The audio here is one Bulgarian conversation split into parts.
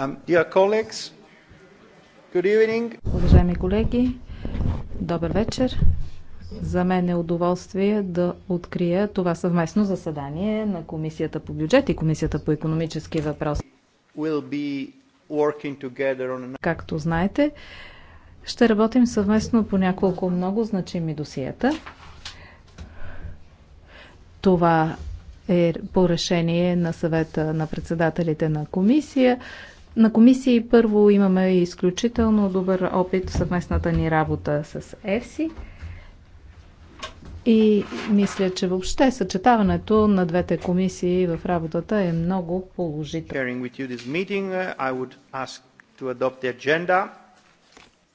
Um, Уважаеми колеги, добър вечер. За мен е удоволствие да открия това съвместно заседание на Комисията по бюджет и Комисията по економически въпроси. Както знаете, ще работим съвместно по няколко много значими досиета. Това е по решение на съвета на председателите на комисия на комисии първо имаме изключително добър опит в съвместната ни работа с ЕФСИ. И мисля, че въобще съчетаването на двете комисии в работата е много положително.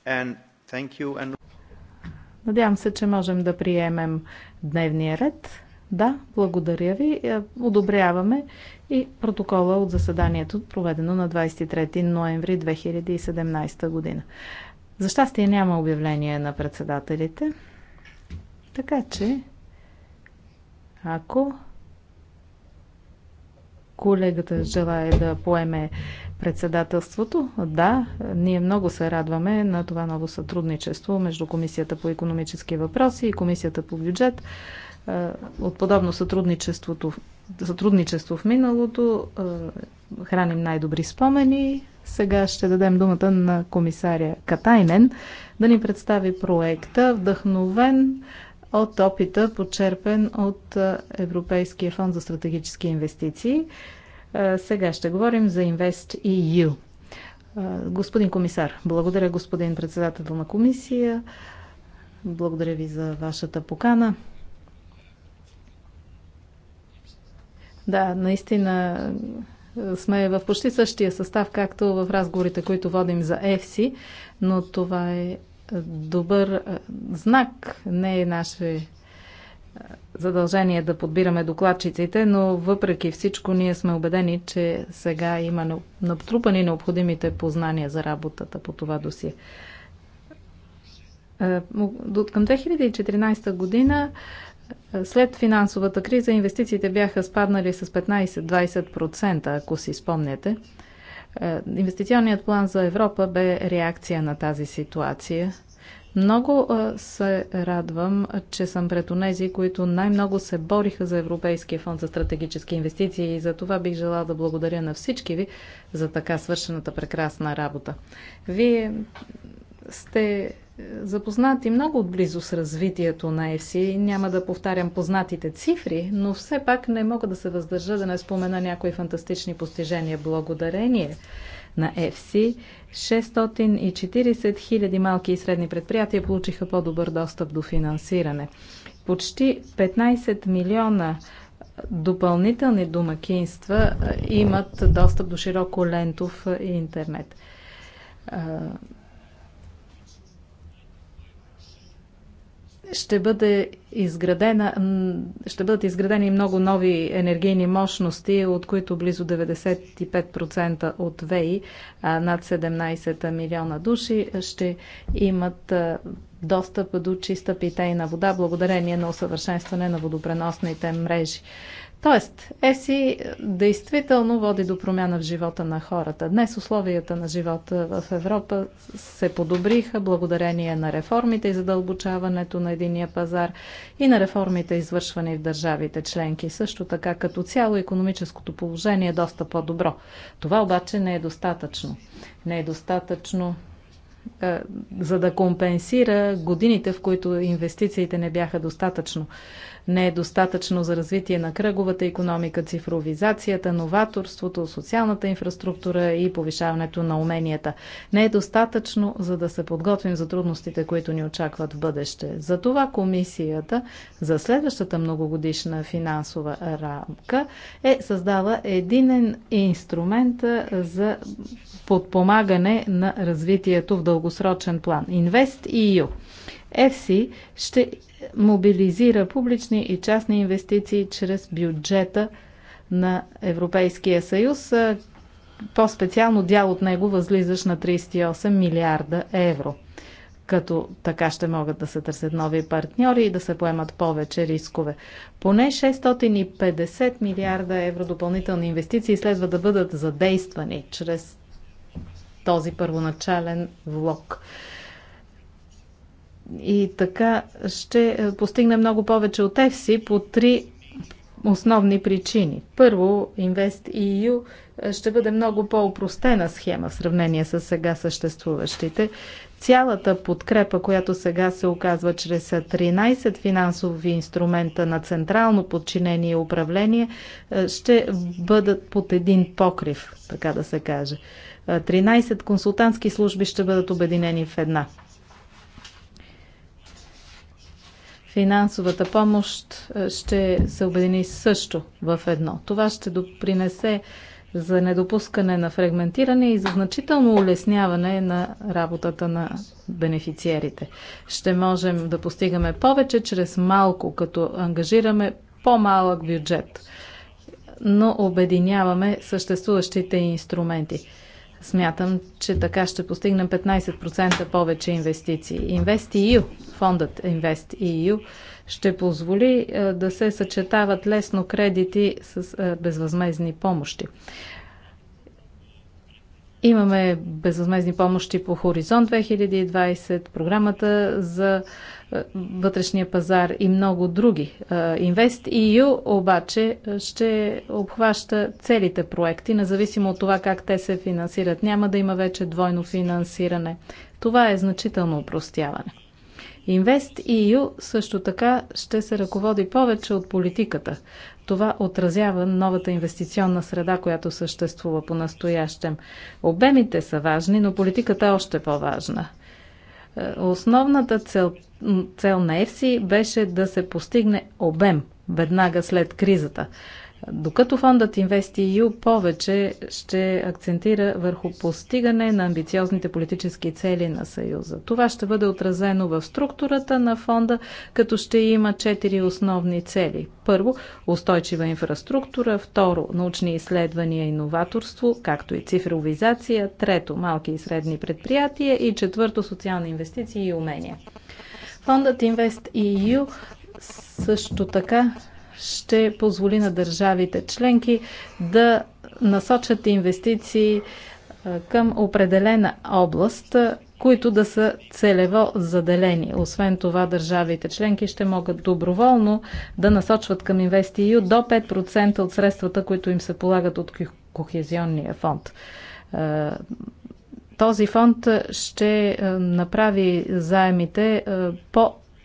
Uh, Надявам се, че можем да приемем дневния ред. Да, благодаря ви. Е, одобряваме и протокола от заседанието, проведено на 23 ноември 2017 година. За щастие няма обявление на председателите, така че ако колегата желая да поеме председателството. Да, ние много се радваме на това ново сътрудничество между Комисията по економически въпроси и Комисията по бюджет. Е, от подобно сътрудничеството, сътрудничество в миналото. Е, храним най-добри спомени. Сега ще дадем думата на комисаря Катайнен да ни представи проекта, вдъхновен от опита, подчерпен от е, Европейския фонд за стратегически инвестиции. Сега ще говорим за Invest EU. Господин комисар, благодаря господин председател на комисия. Благодаря ви за вашата покана. Да, наистина е, сме в почти същия състав, както в разговорите, които водим за ЕФСИ, но това е, е добър е, знак. Не е наше задължение да подбираме докладчиците, но въпреки всичко ние сме убедени, че сега има натрупани необходимите познания за работата по това досие. Към 2014 година след финансовата криза инвестициите бяха спаднали с 15-20%, ако си спомняте. Е, инвестиционният план за Европа бе реакция на тази ситуация. Много е, се радвам, че съм пред онези, които най-много се бориха за Европейския фонд за стратегически инвестиции и за това бих желала да благодаря на всички ви за така свършената прекрасна работа. Вие сте е, запознати много отблизо с развитието на ЕФСИ. Няма да повтарям познатите цифри, но все пак не мога да се въздържа да не спомена някои фантастични постижения благодарение на ЕФСИ. 640 хиляди малки и средни предприятия получиха по-добър достъп до финансиране. Почти 15 милиона е, допълнителни домакинства е, имат достъп до широко лентов интернет. ще, бъде изградена, ще бъдат изградени много нови енергийни мощности, от които близо 95% от ВЕИ, над 17 милиона души, ще имат достъп до чиста питейна вода, благодарение на усъвършенстване на водопреносните мрежи. Тоест, ЕСИ действително води до промяна в живота на хората. Днес условията на живота в Европа се подобриха благодарение на реформите и задълбочаването на единия пазар и на реформите, извършвани в държавите членки. Също така, като цяло, економическото положение е доста по-добро. Това обаче не е достатъчно. Не е достатъчно е, за да компенсира годините, в които инвестициите не бяха достатъчно. Не е достатъчно за развитие на кръговата економика, цифровизацията, новаторството, социалната инфраструктура и повишаването на уменията. Не е достатъчно за да се подготвим за трудностите, които ни очакват в бъдеще. Затова комисията за следващата многогодишна финансова рамка е създала единен инструмент за подпомагане на развитието в дълго дългосрочен план. Инвест EU. ЕФСИ ще мобилизира публични и частни инвестиции чрез бюджета на Европейския съюз. По-специално дял от него възлизаш на 38 милиарда евро като така ще могат да се търсят нови партньори и да се поемат повече рискове. Поне 650 милиарда евро допълнителни инвестиции следва да бъдат задействани чрез този първоначален влог. И така ще е, постигне много повече от EFSI по три основни причини. Първо, InvestEU е, ще бъде много по-упростена схема в сравнение с сега съществуващите. Цялата подкрепа, която сега се оказва чрез 13 финансови инструмента на централно подчинение и управление, е, ще бъдат под един покрив, така да се каже. 13 консултантски служби ще бъдат обединени в една. Финансовата помощ е, ще се обедини също в едно. Това ще допринесе за недопускане на фрагментиране и за значително улесняване на работата на бенефициерите. Ще можем да постигаме повече чрез малко, като ангажираме по-малък бюджет, но обединяваме съществуващите инструменти. Смятам, че така ще постигнем 15% повече инвестиции. InvestEU, фондът InvestEU, ще позволи е, да се съчетават лесно кредити с е, безвъзмезни помощи. Имаме безвъзмезни помощи по Хоризонт 2020, програмата за е, вътрешния пазар и много други. Е, Инвест EU обаче е, ще обхваща целите проекти, независимо от това как те се финансират. Няма да има вече двойно финансиране. Това е значително упростяване. Инвест EU също така ще се ръководи повече от политиката това отразява новата инвестиционна среда, която съществува по-настоящем. Обемите са важни, но политиката е още по-важна. Е, основната цел, цел на ЕФСИ беше да се постигне обем веднага след кризата. Докато фондът InvestEU повече ще акцентира върху постигане на амбициозните политически цели на Съюза. Това ще бъде отразено в структурата на фонда, като ще има четири основни цели. Първо, устойчива инфраструктура. Второ, научни изследвания и новаторство, както и цифровизация. Трето, малки и средни предприятия. И четвърто, социални инвестиции и умения. Фондът InvestEU също така ще позволи на държавите членки да насочат инвестиции към определена област, които да са целево заделени. Освен това, държавите членки ще могат доброволно да насочват към инвестиции до 5% от средствата, които им се полагат от Кохезионния фонд. Този фонд ще направи заемите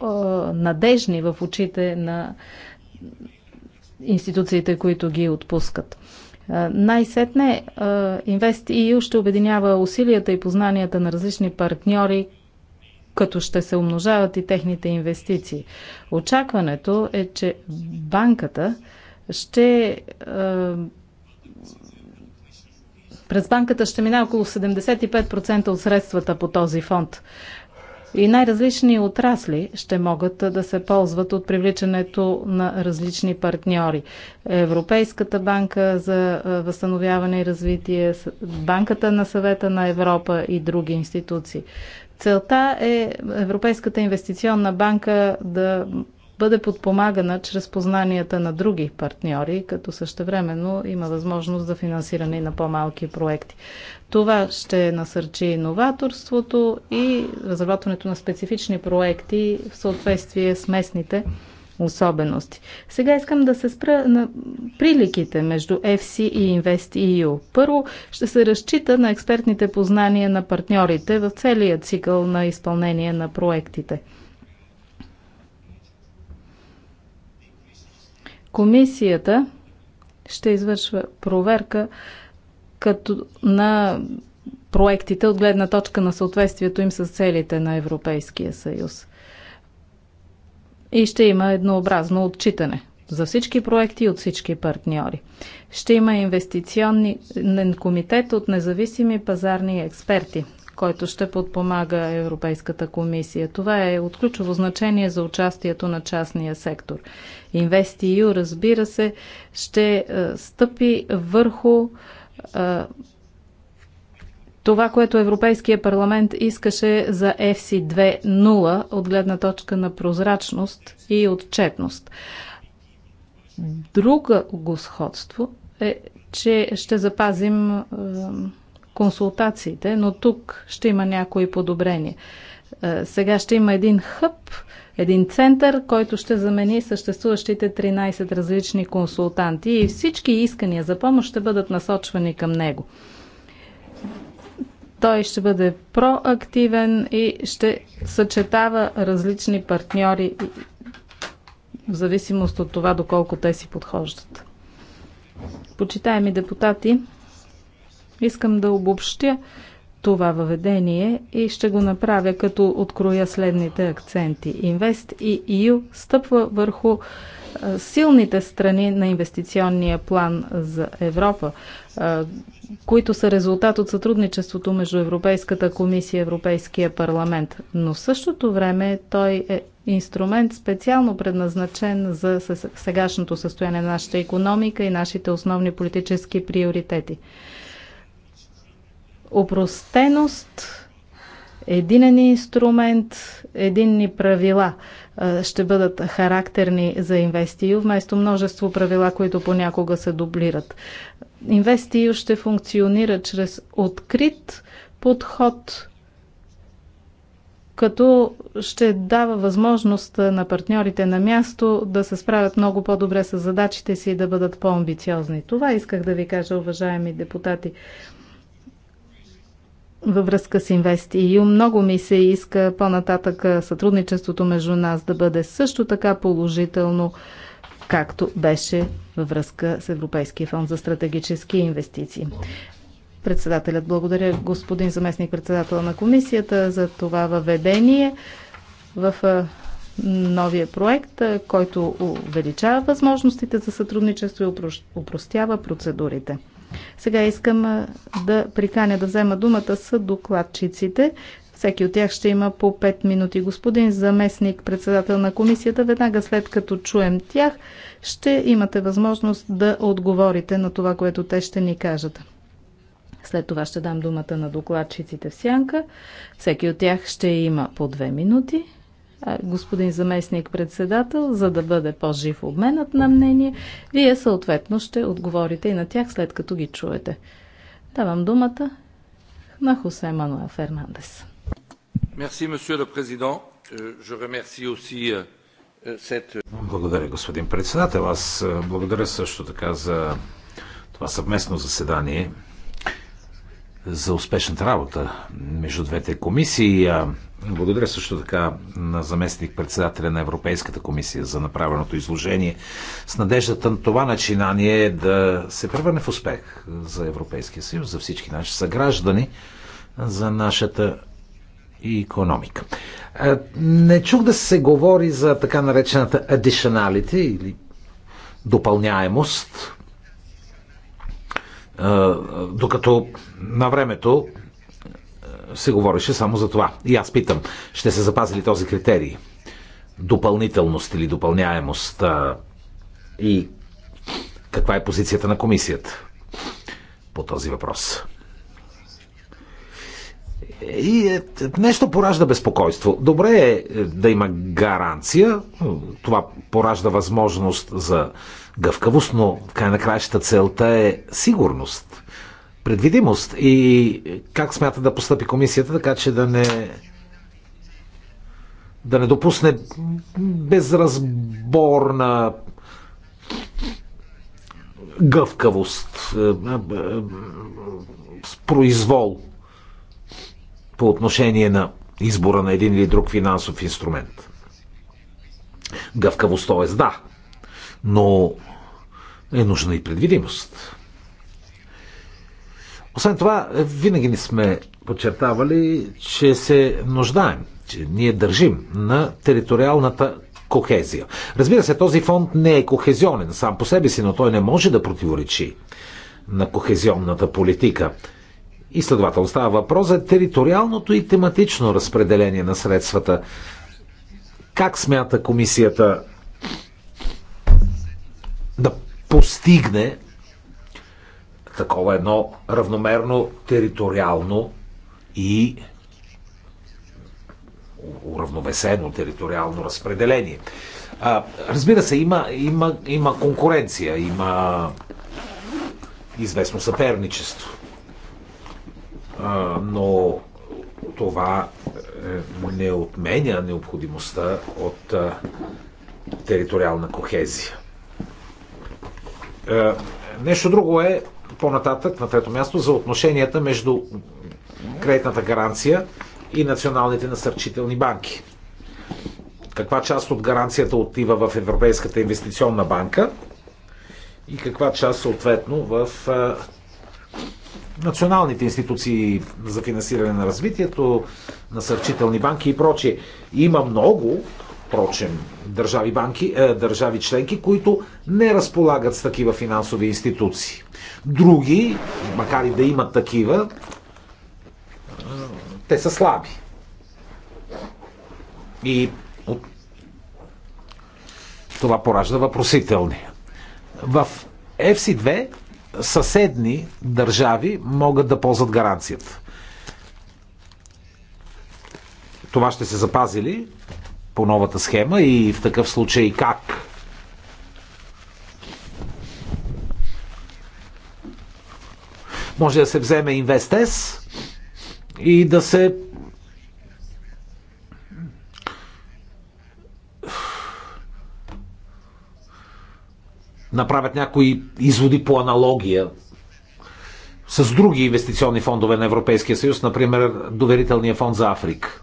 по-надежни в очите на институциите, които ги отпускат. Най-сетне InvestEU ще обединява усилията и познанията на различни партньори, като ще се умножават и техните инвестиции. Очакването е, че банката ще през банката ще мина около 75% от средствата по този фонд и най-различни отрасли ще могат да се ползват от привличането на различни партньори. Европейската банка за възстановяване и развитие, Банката на съвета на Европа и други институции. Целта е Европейската инвестиционна банка да бъде подпомагана чрез познанията на други партньори, като същевременно има възможност за финансиране на по-малки проекти. Това ще насърчи иноваторството и разработването на специфични проекти в съответствие с местните особености. Сега искам да се спра на приликите между FC и InvestEU. Първо ще се разчита на експертните познания на партньорите в целия цикъл на изпълнение на проектите – Комисията ще извършва проверка като на проектите от гледна точка на съответствието им с целите на Европейския съюз. И ще има еднообразно отчитане за всички проекти и от всички партньори. Ще има инвестиционен комитет от независими пазарни експерти, който ще подпомага Европейската комисия. Това е от ключово значение за участието на частния сектор. InvestEU, разбира се, ще е, стъпи върху е, това, което Европейския парламент искаше за FC 2.0 от гледна точка на прозрачност и отчетност. Друго сходство е, че ще запазим е, консултациите, но тук ще има някои подобрения. сега ще има един хъб, един център, който ще замени съществуващите 13 различни консултанти и всички искания за помощ ще бъдат насочвани към него. Той ще бъде проактивен и ще съчетава различни партньори в зависимост от това доколко те си подхождат. Почитаеми депутати, искам да обобщя това въведение и ще го направя като откроя следните акценти. Инвест и ИЮ стъпва върху силните страни на инвестиционния план за Европа, които са резултат от сътрудничеството между Европейската комисия и Европейския парламент. Но в същото време той е инструмент специално предназначен за сегашното състояние на нашата економика и нашите основни политически приоритети. Опростеност, единен инструмент, единни правила ще бъдат характерни за инвестию, вместо множество правила, които понякога се дублират. Инвестию ще функционира чрез открит подход, като ще дава възможност на партньорите на място да се справят много по-добре с задачите си и да бъдат по-амбициозни. Това исках да ви кажа, уважаеми депутати във връзка с InvestEU. Много ми се иска по-нататък сътрудничеството между нас да бъде също така положително, както беше във връзка с Европейския фонд за стратегически инвестиции. Председателят благодаря господин заместник председател на комисията за това въведение в новия проект, който увеличава възможностите за сътрудничество и упростява процедурите. Сега искам да приканя да взема думата с докладчиците. Всеки от тях ще има по 5 минути. Господин заместник, председател на комисията, веднага след като чуем тях, ще имате възможност да отговорите на това, което те ще ни кажат. След това ще дам думата на докладчиците в сянка. Всеки от тях ще има по 2 минути господин заместник председател, за да бъде по-жив обменът на мнение. Вие съответно ще отговорите и на тях след като ги чуете. Давам думата на Хосе Мануел Фернандес. Euh, euh, благодаря, господин председател. Аз благодаря също така за това съвместно заседание за успешната работа между двете комисии. Благодаря също така на заместник председателя на Европейската комисия за направеното изложение с надеждата на това начинание да се превърне в успех за Европейския съюз, за всички наши съграждани, за нашата и економика. Е, не чух да се говори за така наречената additionality или допълняемост, е, докато на времето се говореше само за това. И аз питам, ще се запази ли този критерий? Допълнителност или допълняемост? И каква е позицията на комисията по този въпрос? И е, нещо поражда безпокойство. Добре е, е да има гаранция. Това поражда възможност за гъвкавост, но в край на краищата целта е сигурност предвидимост и как смята да постъпи комисията, така че да не да не допусне безразборна гъвкавост, с е, е, е, произвол по отношение на избора на един или друг финансов инструмент. Гъвкавост, т.е. да, но е нужна и предвидимост. Освен това, винаги ни сме подчертавали, че се нуждаем, че ние държим на териториалната кохезия. Разбира се, този фонд не е кохезионен сам по себе си, но той не може да противоречи на кохезионната политика. И следователно става въпрос за териториалното и тематично разпределение на средствата. Как смята комисията да постигне такова едно равномерно териториално и уравновесено териториално разпределение. А, разбира се, има, има, има конкуренция, има известно съперничество. А, но това е, не отменя необходимостта от а, териториална кохезия. А, е, нещо друго е по-нататък, на трето място, за отношенията между кредитната гаранция и националните насърчителни банки. Каква част от гаранцията отива в Европейската инвестиционна банка и каква част съответно в националните институции за финансиране на развитието, насърчителни банки и прочие. Има много впрочем, държави, банки, е, държави членки, които не разполагат с такива финансови институции. Други, макар и да имат такива, е, те са слаби. И от... това поражда въпросителни. В FC2 съседни държави могат да ползват гаранцията. Това ще се запази ли? по новата схема и в такъв случай как? Може да се вземе инвестес и да се направят някои изводи по аналогия с други инвестиционни фондове на Европейския съюз, например Доверителния фонд за Африка.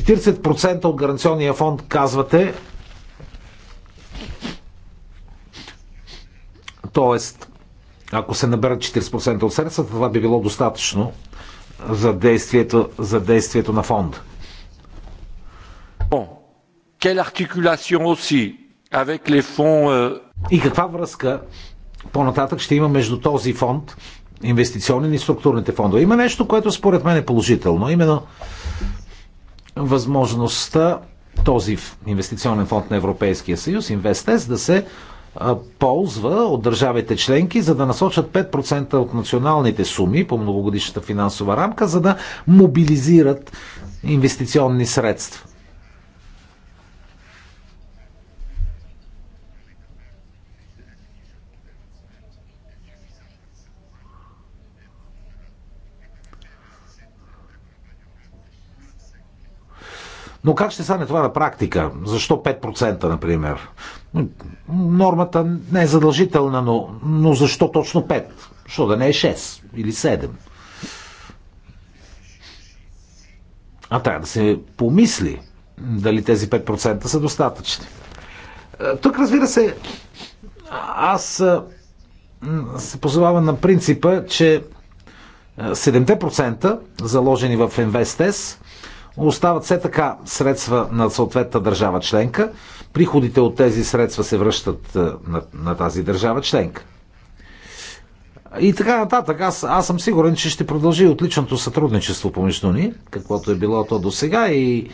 40% от гаранционния фонд, казвате, т.е. ако се наберат 40% от средствата, това би било достатъчно за действието, за действието на фонда. Euh, и каква връзка по-нататък ще има между този фонд, инвестиционен и структурните фондове? Има нещо, което според мен е положително, именно възможността този инвестиционен фонд на Европейския съюз, Инвестес, да се ползва от държавите членки, за да насочат 5% от националните суми по многогодишната финансова рамка, за да мобилизират инвестиционни средства. Но как ще стане това на практика? Защо 5%, например? Нормата не е задължителна, но, но защо точно 5? Защо да не е 6 или 7? А трябва да се помисли дали тези 5% са достатъчни. Е, тук, разбира се, аз е, се позовавам на принципа, че 7% е, заложени в InvestS остават все така средства на съответната държава членка. Приходите от тези средства се връщат е, на, на тази държава членка. И така нататък. Аз, аз съм сигурен, че ще продължи отличното сътрудничество помежду ни, каквото е било то до сега и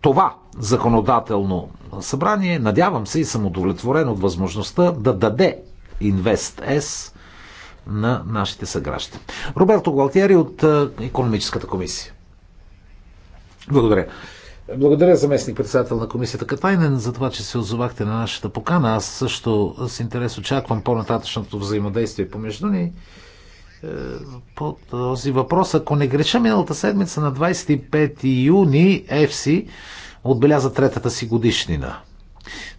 това законодателно събрание, надявам се и съм удовлетворен от възможността да даде InvestS на нашите съграждани. Роберто Галтиери от економическата комисия. Благодаря. Благодаря, заместник председател на комисията Катайнен, за това, че се озовахте на нашата покана. Аз също с интерес очаквам по-нататъчното взаимодействие помежду ни е, по този въпрос. Ако не греша, миналата седмица на 25 юни ЕФСИ отбеляза третата си годишнина.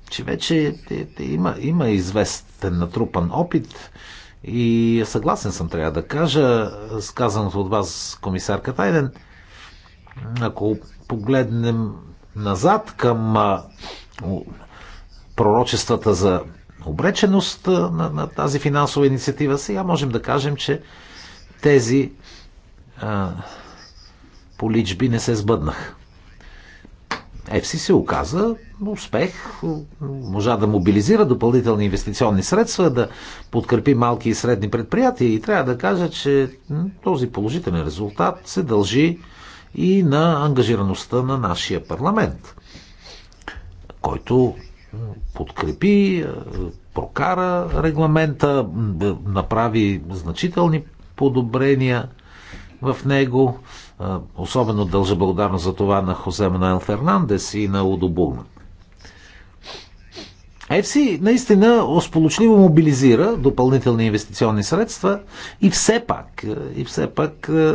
Че вече е, е, има, има известен натрупан опит и съгласен съм, трябва да кажа, с казаното от вас, комисар Катайден, ако погледнем назад към пророчествата за обреченост на, на тази финансова инициатива, сега можем да кажем, че тези а, поличби не се сбъднаха. ЕФСИ се оказа успех, можа да мобилизира допълнителни инвестиционни средства, да подкрепи малки и средни предприятия и трябва да кажа, че този положителен резултат се дължи и на ангажираността на нашия парламент, който подкрепи, прокара регламента, направи значителни подобрения в него. Особено дължа благодарност за това на Хосе Мануел Фернандес и на Удо Булман. ЕФСИ наистина осполучливо мобилизира допълнителни инвестиционни средства и все пак, е, и все пак е, е,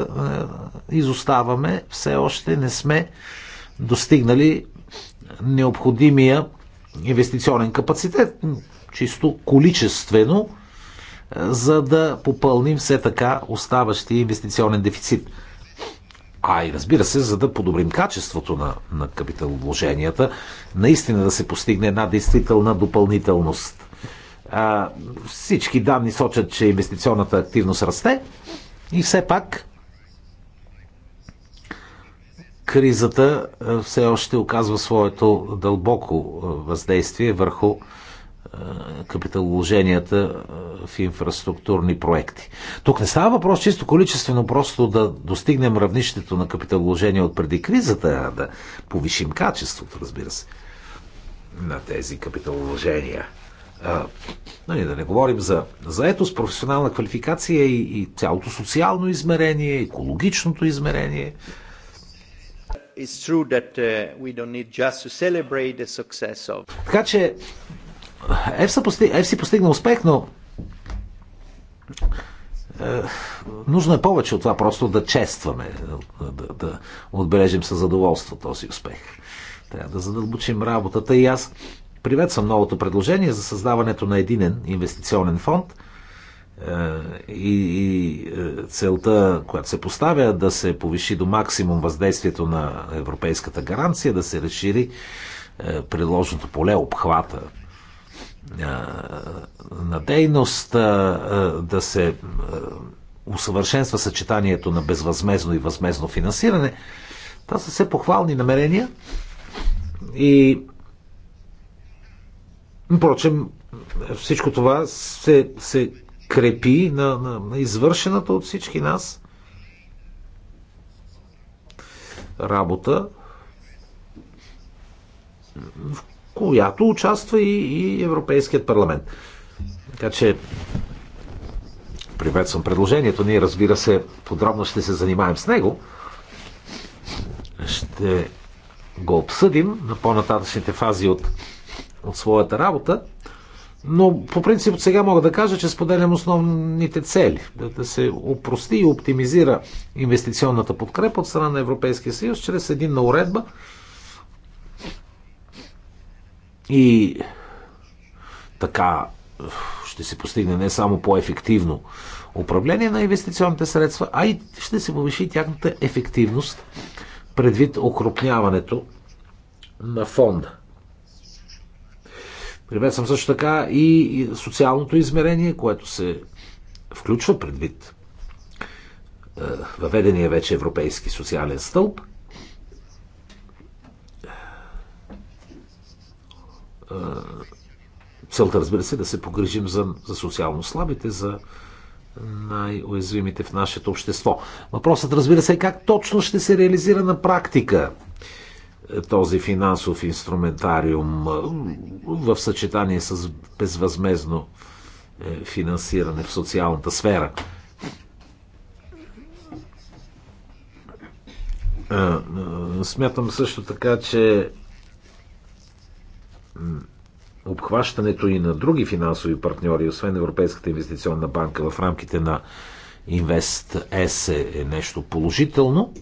изоставаме, все още не сме достигнали необходимия инвестиционен капацитет, чисто количествено, за да попълним все така оставащия инвестиционен дефицит а и разбира се, за да подобрим качеството на, на капиталовложенията, наистина да се постигне една действителна допълнителност. А, всички данни сочат, че инвестиционната активност расте и все пак кризата все още оказва своето дълбоко въздействие върху капиталовложенията в инфраструктурни проекти. Тук не става въпрос чисто количествено просто да достигнем равнището на капиталовложение от преди кризата, а да повишим качеството, разбира се, на тези капиталовложения. А, нали, да не говорим за заетост, професионална квалификация и, и цялото социално измерение, екологичното измерение. Of... Така че ЕФСА пости... постигна успех, но е, нужно е повече от това просто да честваме, да, да отбележим със задоволство този успех. Трябва да задълбочим работата и аз приветствам новото предложение за създаването на единен инвестиционен фонд е, и, и е, целта, която се поставя, да се повиши до максимум въздействието на европейската гаранция, да се разшири е, приложното поле, обхвата на дейност, да се усъвършенства съчетанието на безвъзмезно и възмезно финансиране. Това са все похвални намерения и впрочем всичко това се, се крепи на, на, на извършената от всички нас работа, в която участва и, и Европейският парламент. Така че приветствам предложението. Ние, разбира се, подробно ще се занимаем с него. Ще го обсъдим на по-нататъчните фази от, от своята работа. Но по принцип сега мога да кажа, че споделям основните цели. Да, да се опрости и оптимизира инвестиционната подкрепа от страна на Европейския съюз чрез единна уредба, и така ще се постигне не само по-ефективно управление на инвестиционните средства, а и ще се повиши тяхната ефективност предвид окрупняването на фонда. Приветствам също така и социалното измерение, което се включва предвид е, въведения вече европейски социален стълб – Целта, разбира се, е да се погрижим за, за социално слабите, за най-уязвимите в нашето общество. Въпросът, разбира се, е как точно ще се реализира на практика е, този финансов инструментариум е, в съчетание с безвъзмезно финансиране в социалната сфера. Смятам също така, че обхващането и на други финансови партньори, освен Европейската инвестиционна банка в рамките на Инвест е С е, е нещо положително.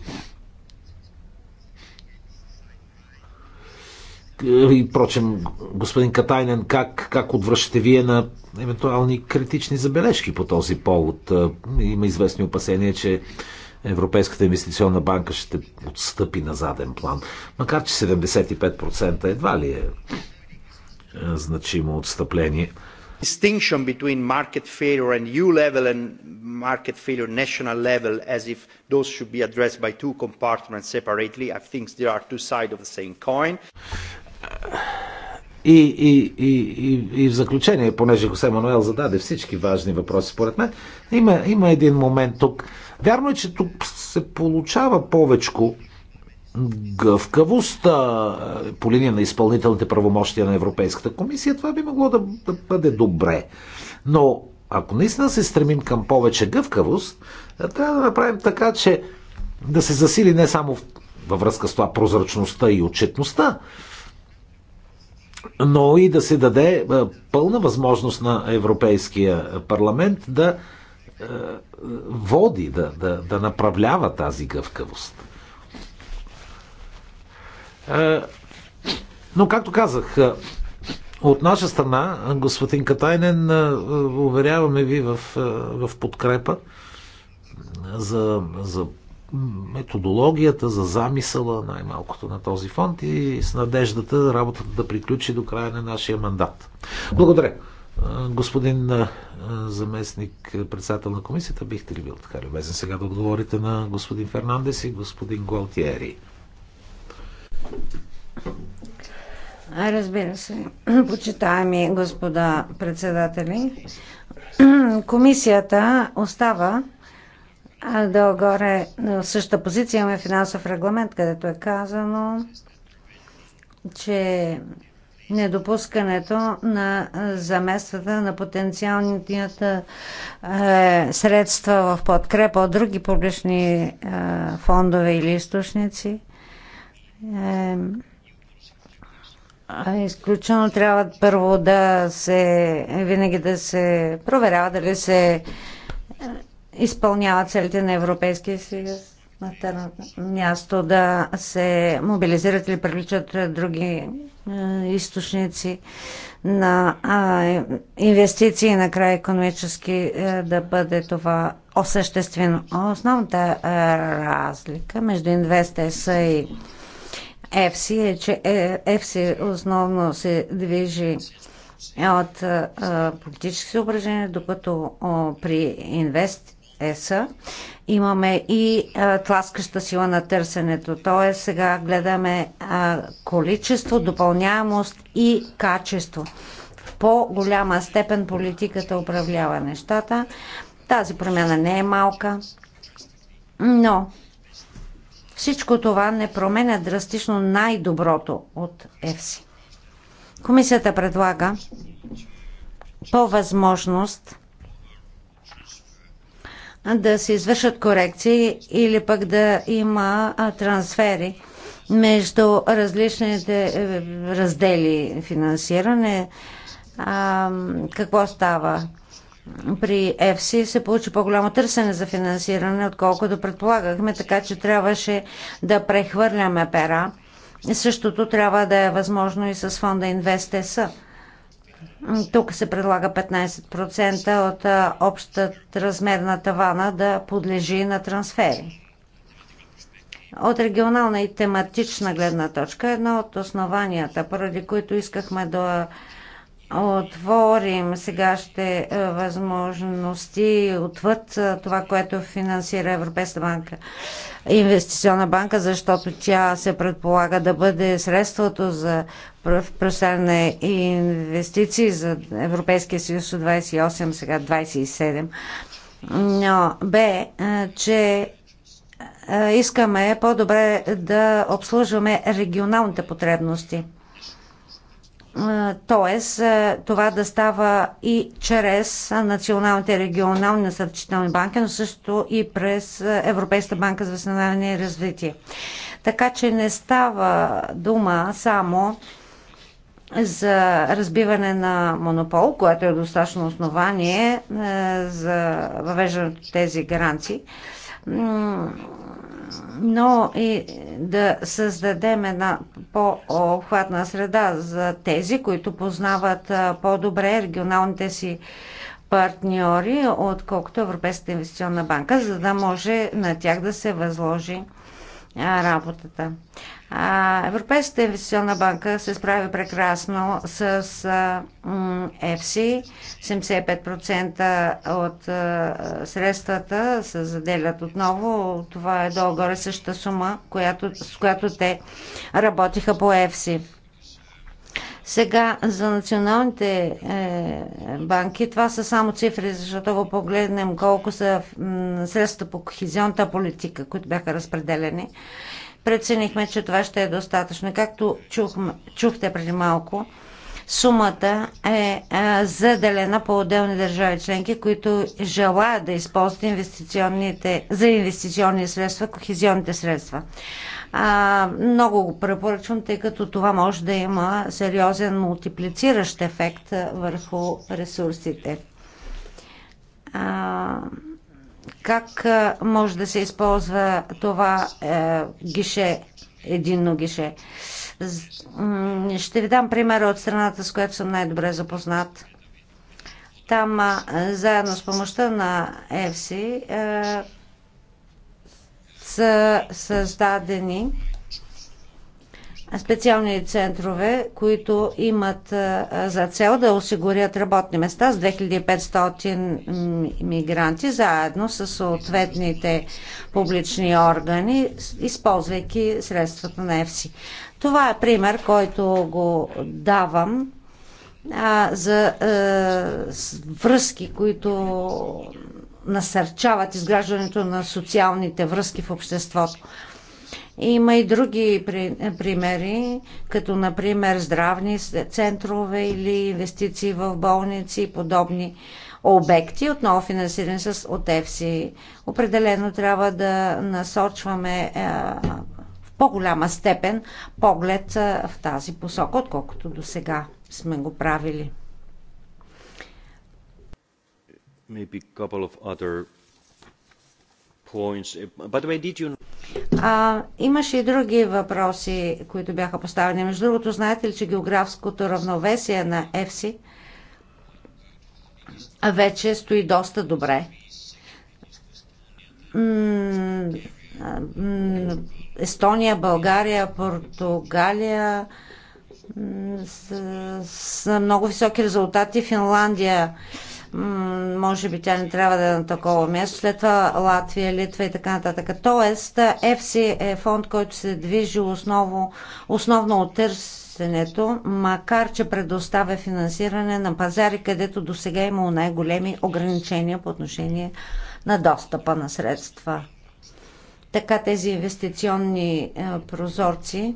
И прочим, господин Катайнен, как, как отвръщате вие на евентуални критични забележки по този повод? Има известни опасения, че Европейската инвестиционна банка ще отстъпи на заден план. Макар, че 75% едва ли е значимо отстъпление. Distinction between market failure and EU level and market failure national level, as if those should be addressed by two compartments separately. I think there are two sides of the same coin. И, и, и, и, и в заключение, понеже Хосе Мануел зададе всички важни въпроси, според мен, има, има един момент тук. Вярно е, че тук се получава повечко гъвкавост е, по линия на изпълнителните правомощия на Европейската комисия, това би могло да, да бъде добре. Но ако наистина се стремим към повече гъвкавост, е, трябва да направим така, че да се засили не само във връзка с това прозрачността и отчетността, но и да се даде е, пълна възможност на Европейския парламент да води, да, да, да направлява тази гъвкавост. Но, както казах, от наша страна, господин Катайнен, уверяваме ви в, в подкрепа за, за методологията, за замисъла най-малкото на този фонд и с надеждата работата да приключи до края на нашия мандат. Благодаря. Господин заместник председател на комисията, бихте ли бил така любезен сега да отговорите на господин Фернандес и господин Гуалтиери? Разбира се, почитаеми господа председатели, комисията остава дългоре на същата позиция имаме финансов регламент, където е казано, че недопускането на замествата на потенциалните средства в подкрепа от други публични фондове или източници е, изключително трябва първо да се винаги да се проверява дали се е, изпълнява целите на Европейския съюз на място да се мобилизират или привличат други е, източници на инвестиции на край економически да бъде това осъществено. Основната разлика между Инвест и ЕФСИ е, че е, основно се движи от политически съображения, докато при инвест ЕСА имаме и а, тласкаща сила на търсенето. Тоест сега гледаме а, количество, допълняемост и качество. В по-голяма степен политиката управлява нещата. Тази промяна не е малка, но всичко това не променя драстично най-доброто от ЕФСИ. Комисията предлага по възможност да се извършат корекции или пък да има трансфери между различните е, раздели финансиране. А, какво става? при ЕФСИ се получи по-голямо търсене за финансиране, отколкото предполагахме, така че трябваше да прехвърляме пера. Същото трябва да е възможно и с фонда InvestS. Тук се предлага 15% от общата размер на тавана да подлежи на трансфери. От регионална и тематична гледна точка, едно от основанията, поради които искахме да отворим ще е, възможности отвъд е, това, което финансира Европейска банка, инвестиционна банка, защото тя се предполага да бъде средството за пресарне и инвестиции за Европейския съюз от 28, сега 27. Но бе, че е, искаме по-добре да обслужваме регионалните потребности – е, тоест, е, това да става и чрез националните регионални насърчителни банки, но също и през е, Европейската банка за възстановяване и развитие. Така че не става дума само за разбиване на монопол, което е достатъчно основание за въвеждането тези гаранции но и да създадем една по-охватна среда за тези, които познават по-добре регионалните си партньори, отколкото Европейската инвестиционна банка, за да може на тях да се възложи работата. Европейската инвестиционна банка се справи прекрасно с ЕФСИ. 75% от средствата се заделят отново. Това е долу-горе същата сума, която, с която те работиха по ЕФСИ. Сега за националните е, банки това са само цифри, защото го погледнем колко са средства по кохезионната политика, които бяха разпределени преценихме, че това ще е достатъчно. Както чухме, чухте преди малко, сумата е, е заделена по отделни държави членки, които желаят да използват инвестиционните, за инвестиционни средства, кохезионните средства. А, много го препоръчвам, тъй като това може да има сериозен мултиплициращ ефект върху ресурсите. А, как може да се използва това е, гише, единно гише. Ще ви дам пример от страната, с която съм най-добре запознат. Там, заедно с помощта на ЕФСИ, е, са създадени специални центрове, които имат за цел да осигурят работни места с 2500 мигранти, заедно с съответните публични органи, използвайки средствата на ЕФСИ. Това е пример, който го давам а, за а, връзки, които насърчават изграждането на социалните връзки в обществото. Има и други примери, като например здравни центрове или инвестиции в болници и подобни обекти, отново финансирани с от ЕФСИ. Определено трябва да насочваме е, в по-голяма степен поглед е, в тази посока, отколкото до сега сме го правили. Maybe couple of other имаше и други въпроси, които бяха поставени. Между другото, знаете ли, че географското равновесие на ЕФСИ вече стои доста добре. Естония, България, Португалия с, с много високи резултати. Финландия може би тя не трябва да е на такова място, след това Латвия, Литва и така нататък. Тоест, ЕФСИ е фонд, който се движи основно, основно от търсенето, макар че предоставя финансиране на пазари, където до сега е имало най-големи ограничения по отношение на достъпа на средства. Така тези инвестиционни е, прозорци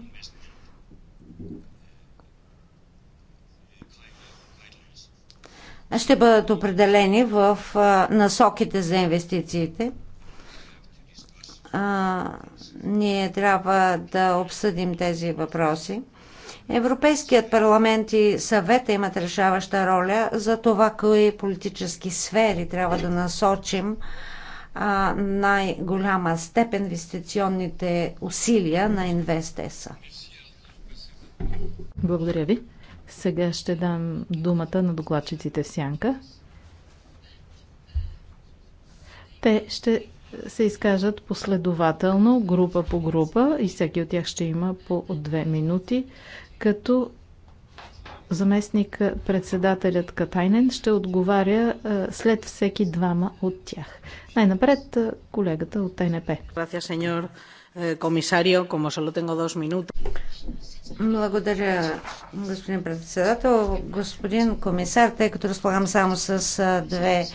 ще бъдат определени в насоките за инвестициите. ние трябва да обсъдим тези въпроси. Европейският парламент и съвета имат решаваща роля за това, кои политически сфери трябва да насочим най-голяма степен инвестиционните усилия на Инвестеса. Благодаря ви. Сега ще дам думата на докладчиците в сянка. Те ще се изкажат последователно, група по група и всеки от тях ще има по две минути, като заместник председателят Катайнен ще отговаря след всеки двама от тях. Най-напред колегата от ТНП. комисарио, eh, como solo tengo dos minutos. Благодаря, господин председател. Господин комисар, тъй като разполагам само с две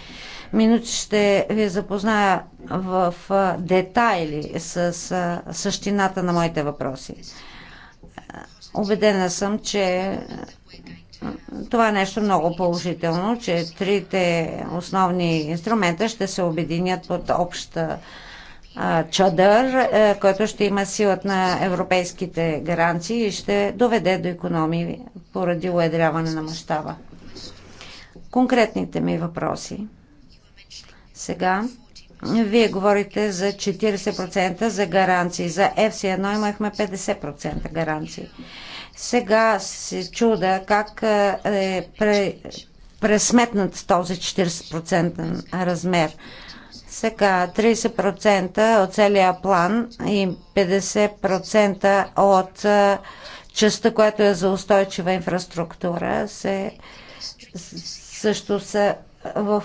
минути, ще ви запозная в детайли с същината на моите въпроси. Обедена съм, че това е нещо много положително, че трите основни инструмента ще се обединят под обща чадър, е, който ще има силът на европейските гаранции и ще доведе до економии поради уедряване на мащаба. Конкретните ми въпроси. Сега, вие говорите за 40% за гаранции. За FC1 имахме 50% гаранции. Сега се чуда как е, е пресметнат този 40% размер. Сега 30% от целия план и 50% от частта, която е за устойчива инфраструктура, се, също са в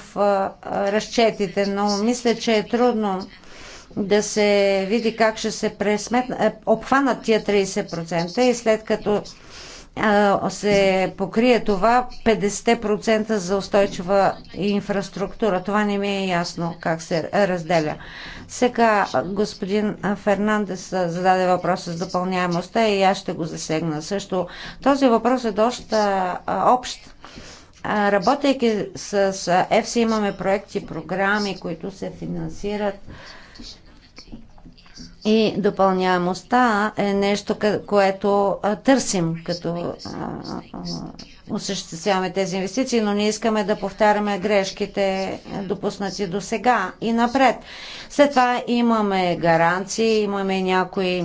разчетите, но мисля, че е трудно да се види как ще се пресметна, е, обхванат тия 30% и след като се покрие това 50% за устойчива инфраструктура. Това не ми е ясно как се разделя. Сега господин Фернандес зададе въпроса с допълняемостта и аз ще го засегна също. Този въпрос е доста общ. Работейки с ЕФСИ имаме проекти, програми, които се финансират и допълняемостта е нещо, което търсим, като осъществяваме тези инвестиции, но не искаме да повтаряме грешките, допуснати до сега и напред. След това имаме гаранции, имаме някои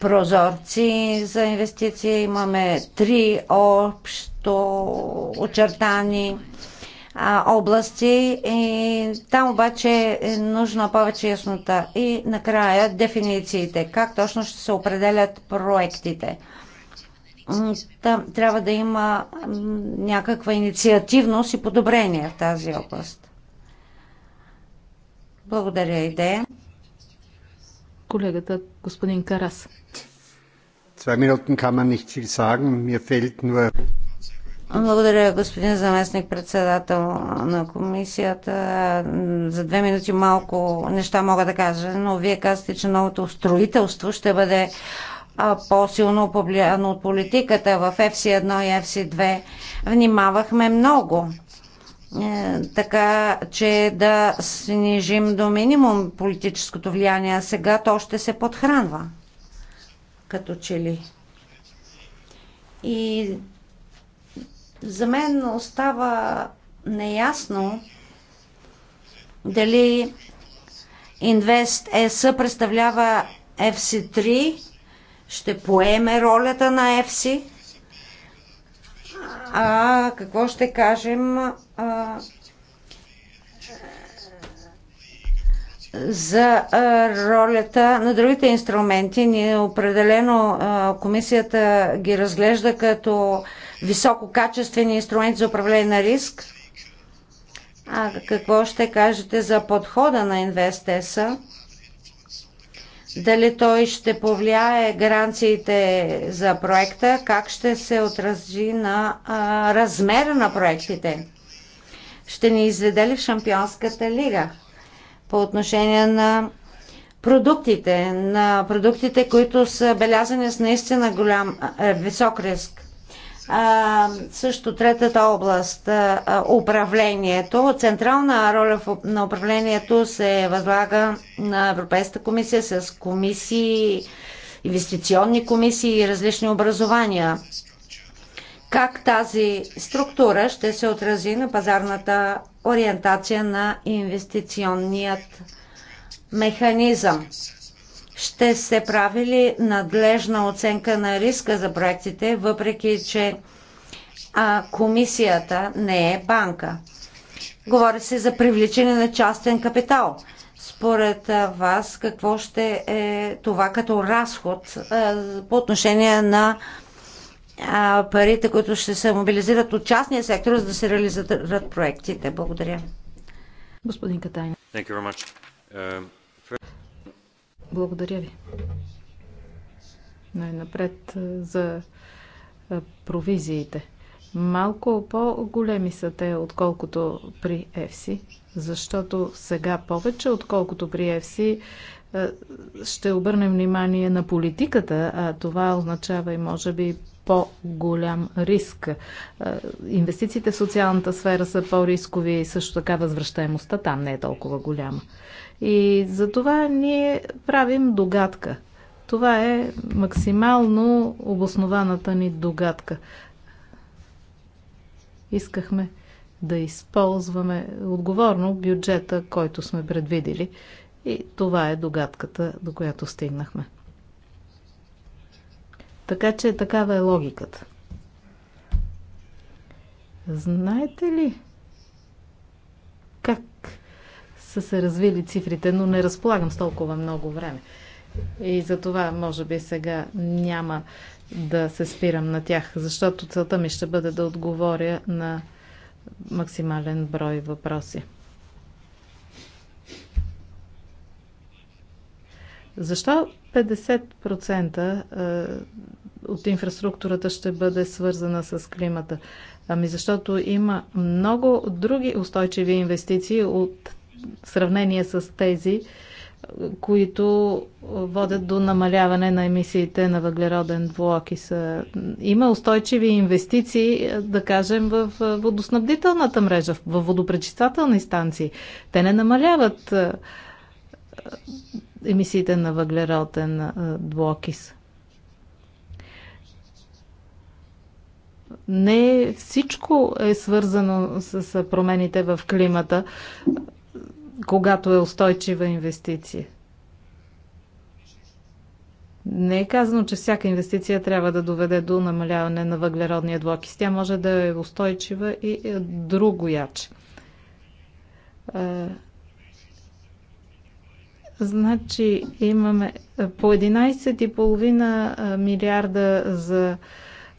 прозорци за инвестиции, имаме три общо очертани а, области. И там обаче е нужна повече яснота. И накрая дефинициите. Как точно ще се определят проектите? Там трябва да има някаква инициативност и подобрение в тази област. Благодаря, идея. Колегата господин Карас. 2 минути няма нищо да кажа. Ми фелт fehlt благодаря, господин заместник председател на комисията. За две минути малко неща мога да кажа, но вие казвате, че новото строителство ще бъде по-силно повлияно от политиката в FC1 и FC2. Внимавахме много е, така че да снижим до минимум политическото влияние, а сега то ще се подхранва, като че ли. И за мен остава неясно дали Инвест ЕС представлява FC3, ще поеме ролята на FC. А какво ще кажем а, за а, ролята на другите инструменти? Ние определено а, комисията ги разглежда като а, висококачествени инструменти за управление на риск. А какво ще кажете за подхода на инвестеса? Дали той ще повлияе гаранциите за проекта? Как ще се отрази на а, размера на проектите? Ще ни изведе ли в Шампионската лига по отношение на продуктите, на продуктите, които са белязани с наистина голям, висок риск? А, също третата област а, управлението. Централна роля в, на управлението се възлага на Европейската комисия с комисии, инвестиционни комисии и различни образования. Как тази структура ще се отрази на пазарната ориентация на инвестиционният механизъм? Ще се прави ли надлежна оценка на риска за проектите, въпреки че а, комисията не е банка? Говори се за привличане на частен капитал. Според вас, какво ще е това като разход а, по отношение на а, парите, които ще се мобилизират от частния сектор, за да се реализират проектите? Благодаря. Господин Катайна. Uh, благодаря ви. Най-напред за провизиите. Малко по-големи са те, отколкото при ЕФСИ, защото сега повече, отколкото при ЕФСИ, ще обърнем внимание на политиката, а това означава и може би по-голям риск. Инвестициите в социалната сфера са по-рискови и също така възвръщаемостта там не е толкова голяма. И за това ние правим догадка. Това е максимално обоснованата ни догадка. Искахме да използваме отговорно бюджета, който сме предвидели. И това е догадката, до която стигнахме. Така че такава е логиката. Знаете ли как са се развили цифрите, но не разполагам с толкова много време. И за това, може би, сега няма да се спирам на тях, защото целта ми ще бъде да отговоря на максимален брой въпроси. Защо 50% е, от инфраструктурата ще бъде свързана с климата? Ами защото има много други устойчиви инвестиции от в сравнение с тези, които водят до намаляване на емисиите на въглероден двуокис. Има устойчиви инвестиции, да кажем, в водоснабдителната мрежа, в водопречиствателни станции. Те не намаляват емисиите на въглероден двуокис. Не всичко е свързано с промените в климата когато е устойчива инвестиция. Не е казано, че всяка инвестиция трябва да доведе до намаляване на въглеродния двуокис. Тя може да е устойчива и е, друго яче. Значи имаме е, по 11,5 е, милиарда за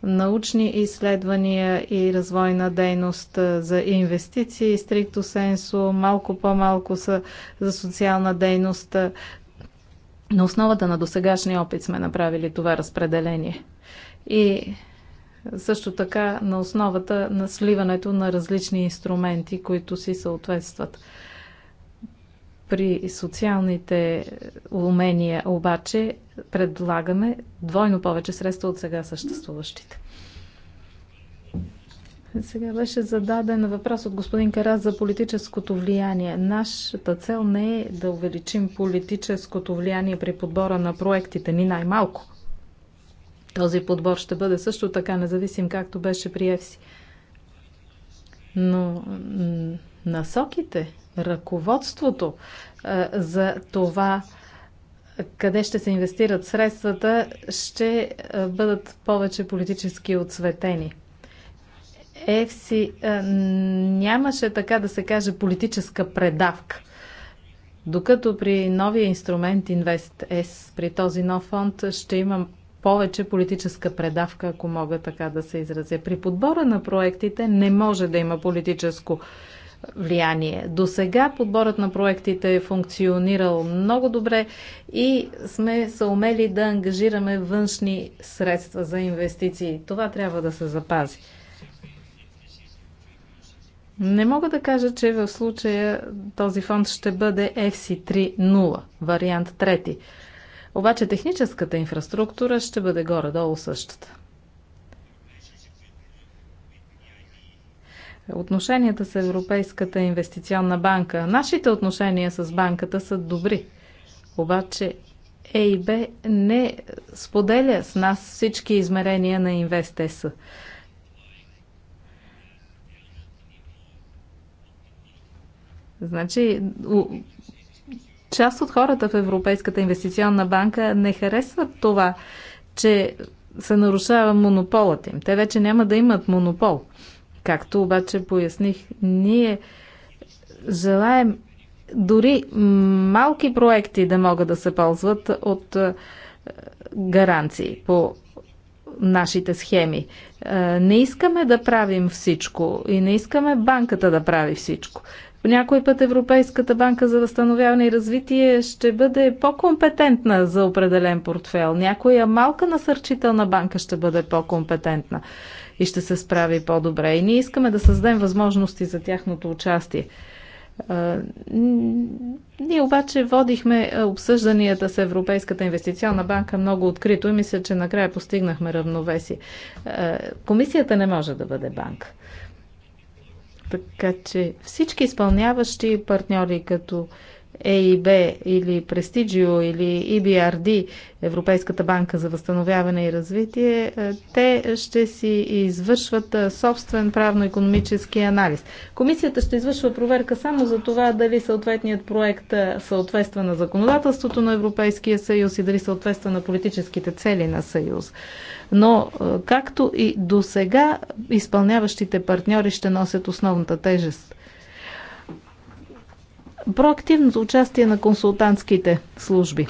научни изследвания и развойна дейност за инвестиции, стрикто сенсо, малко по-малко са за социална дейност. На основата на досегашния опит сме направили това разпределение. И също така на основата на сливането на различни инструменти, които си съответстват. При социалните умения обаче предлагаме двойно повече средства от сега съществуващите. Сега беше зададен въпрос от господин Карас за политическото влияние. Нашата цел не е да увеличим политическото влияние при подбора на проектите ни най-малко. Този подбор ще бъде също така независим, както беше при ЕФСИ. Но насоките, ръководството за това, къде ще се инвестират средствата, ще бъдат повече политически отсветени. ЕФСИ нямаше така да се каже политическа предавка. Докато при новия инструмент InvestS, при този нов фонд, ще имам повече политическа предавка, ако мога така да се изразя. При подбора на проектите не може да има политическо влияние. До сега подборът на проектите е функционирал много добре и сме се умели да ангажираме външни средства за инвестиции. Това трябва да се запази. Не мога да кажа, че в случая този фонд ще бъде FC3.0, вариант трети. Обаче техническата инфраструктура ще бъде горе-долу същата. Отношенията с Европейската инвестиционна банка. Нашите отношения с банката са добри. Обаче ЕИБ не споделя с нас всички измерения на инвестеса. Значи, част от хората в Европейската инвестиционна банка не харесват това, че се нарушава монополът им. Те вече няма да имат монопол. Както обаче поясних, ние желаем дори малки проекти да могат да се ползват от е, гаранции по нашите схеми. Е, не искаме да правим всичко и не искаме банката да прави всичко. По някой път Европейската банка за възстановяване и развитие ще бъде по-компетентна за определен портфел. Някоя малка насърчителна банка ще бъде по-компетентна и ще се справи по-добре. И ние искаме да създадем възможности за тяхното участие. Ние обаче водихме обсъжданията с Европейската инвестиционна банка много открито и мисля, че накрая постигнахме равновесие. Комисията не може да бъде банк. Така че всички изпълняващи партньори, като ЕИБ или Престиджио или EBRD, Европейската банка за възстановяване и развитие, е, те ще си извършват е, собствен правно-економически анализ. Комисията ще извършва проверка само за това дали съответният проект е, съответства на законодателството на Европейския съюз и дали съответства на политическите цели на съюз. Но, както и до сега, изпълняващите партньори ще носят основната тежест – проактивното участие на консултантските служби.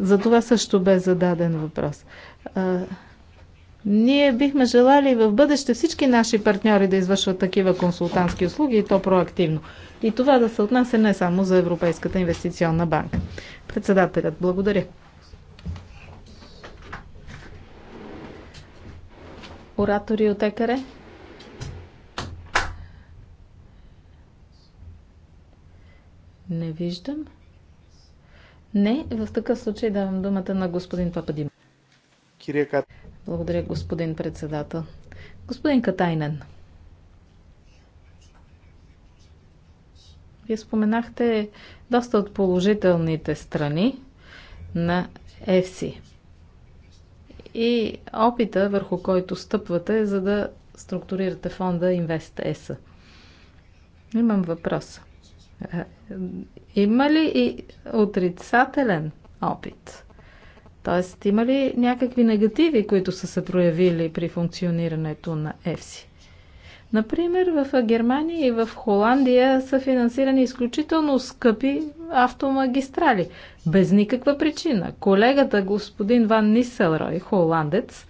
За това също бе зададен въпрос. Ние бихме желали в бъдеще всички наши партньори да извършват такива консултантски услуги и то проактивно. И това да се отнася не само за Европейската инвестиционна банка. Председателят, благодаря. Оратори от ЕКАРЕ. Не виждам. Не, в такъв случай давам думата на господин Пападим. Кирия Кат... Благодаря, господин председател. Господин Катайнен, вие споменахте доста от положителните страни на ЕФСИ и опита, върху който стъпвате, за да структурирате фонда InvestES. Имам въпрос. Е, има ли и отрицателен опит? Тоест, има ли някакви негативи, които са се проявили при функционирането на ЕФСИ? Например, в Германия и в Холандия са финансирани изключително скъпи автомагистрали. Без никаква причина. Колегата господин Ван Ниселрой, холандец,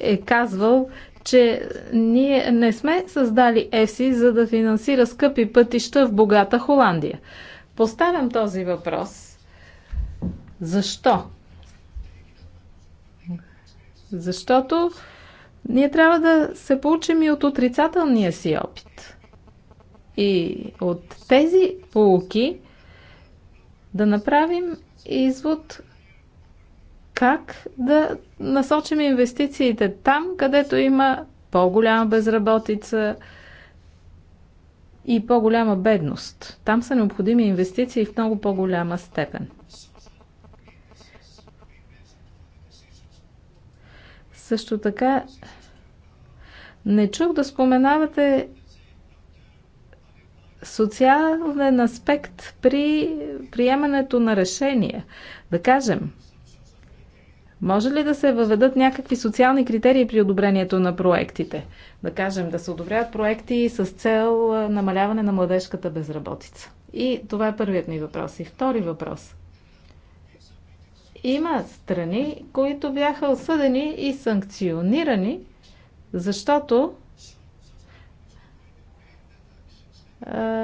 е казвал, че ние не сме създали ЕСИ, за да финансира скъпи пътища в богата Холандия. Поставям този въпрос. Защо? Защото ние трябва да се получим и от отрицателния си опит. И от тези полуки да направим извод как да насочим инвестициите там, където има по-голяма безработица и по-голяма бедност. Там са необходими инвестиции в много по-голяма степен. Също така, не чух да споменавате социален аспект при приемането на решения. Да кажем, може ли да се въведат някакви социални критерии при одобрението на проектите? Да кажем, да се одобряват проекти с цел намаляване на младежката безработица. И това е първият ми въпрос. И втори въпрос. Има страни, които бяха осъдени и санкционирани, защото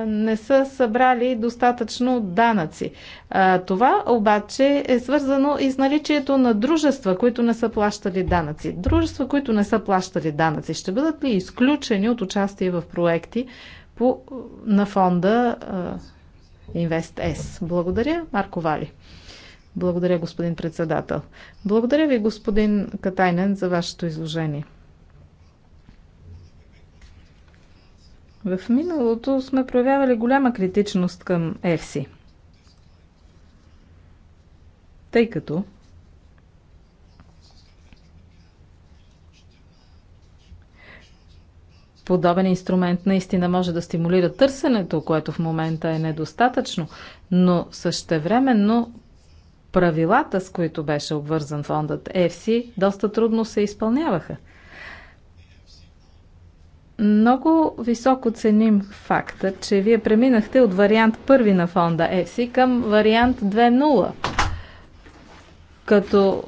не са събрали достатъчно данъци. Това обаче е свързано и с наличието на дружества, които не са плащали данъци. Дружества, които не са плащали данъци, ще бъдат ли изключени от участие в проекти по, на фонда InvestS? Благодаря, Марко Вали. Благодаря, господин председател. Благодаря ви, господин Катайнен, за вашето изложение. В миналото сме проявявали голяма критичност към ЕФСИ. Тъй като подобен инструмент наистина може да стимулира търсенето, което в момента е недостатъчно, но същевременно правилата, с които беше обвързан фондът EFSI, доста трудно се изпълняваха – много високо ценим факта, че вие преминахте от вариант първи на фонда ЕСИ към вариант 2.0, като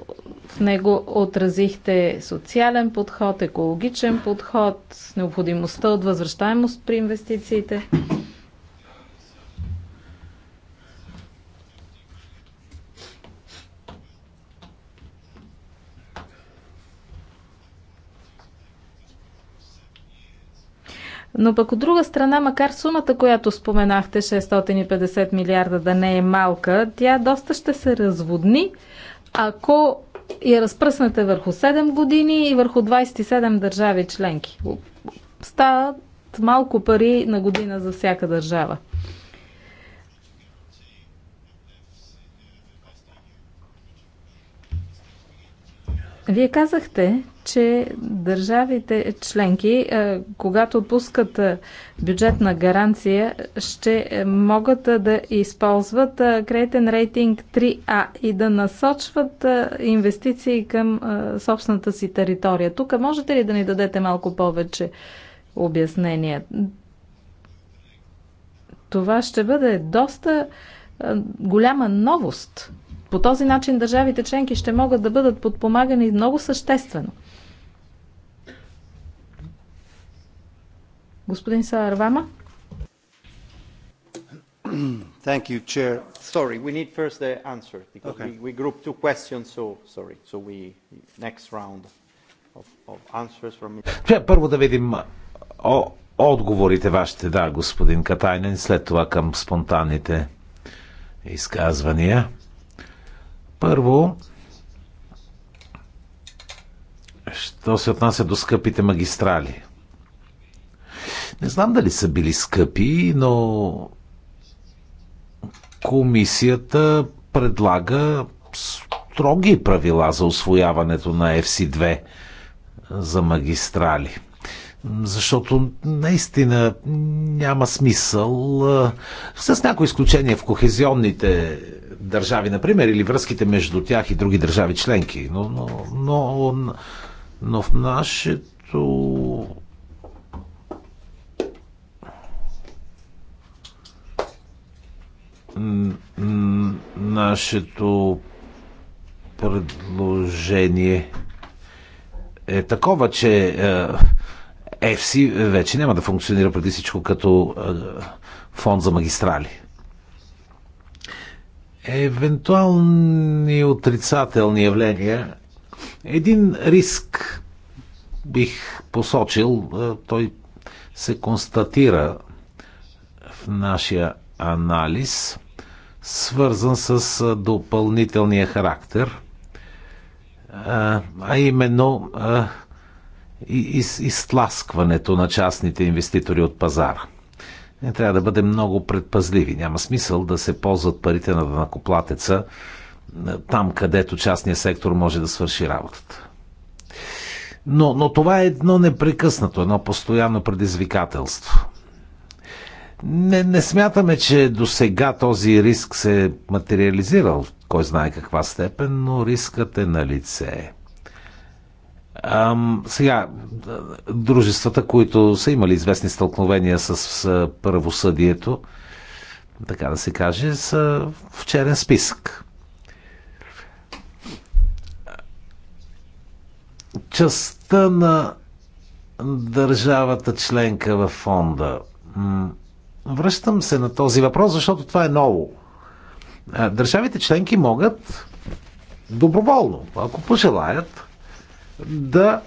в него отразихте социален подход, екологичен подход, необходимостта от възвръщаемост при инвестициите – Но пък от друга страна, макар сумата, която споменахте, 650 милиарда да не е малка, тя доста ще се разводни, ако я разпръснете върху 7 години и върху 27 държави членки. Стават малко пари на година за всяка държава. Вие казахте, че държавите членки, е, когато пускат е, бюджетна гаранция, ще е, могат да използват кредитен рейтинг 3А и да насочват инвестиции към собствената си територия. Тук можете ли да ни дадете малко повече обяснения? Това ще бъде доста голяма новост по този начин държавите членки ще могат да бъдат подпомагани много съществено. Господин Сарвама. Thank you, Chair. Sorry, we need first the answer because okay. we, we group two questions, so sorry. So we next round of, of answers from. Че, първо да видим о, отговорите вашите, да, господин Катайнен, след това към спонтанните изказвания. Първо, що се отнася до скъпите магистрали. Не знам дали са били скъпи, но комисията предлага строги правила за освояването на FC2 за магистрали. Защото наистина няма смисъл. С някои изключения в кохезионните държави, например, или връзките между тях и други държави членки. Но, но, но, но в нашето нашето предложение е такова, че е, ЕФСИ вече няма да функционира преди всичко като е, фонд за магистрали евентуални отрицателни явления. Един риск бих посочил, той се констатира в нашия анализ, свързан с допълнителния характер, а именно изтласкването на частните инвеститори от пазара. Не трябва да бъдем много предпазливи. Няма смисъл да се ползват парите на накоплатеца е, там, където частния сектор може да свърши работата. Но, но това е едно непрекъснато, едно постоянно предизвикателство. Не, не смятаме, че до сега този риск се материализирал, кой знае каква степен, но рискът е на лице. Ам, сега, дружествата, които са имали известни стълкновения с, с правосъдието, така да се каже, са в черен списък. Частта на държавата членка във фонда. Връщам се на този въпрос, защото това е ново. Държавите членки могат доброволно, ако пожелаят, да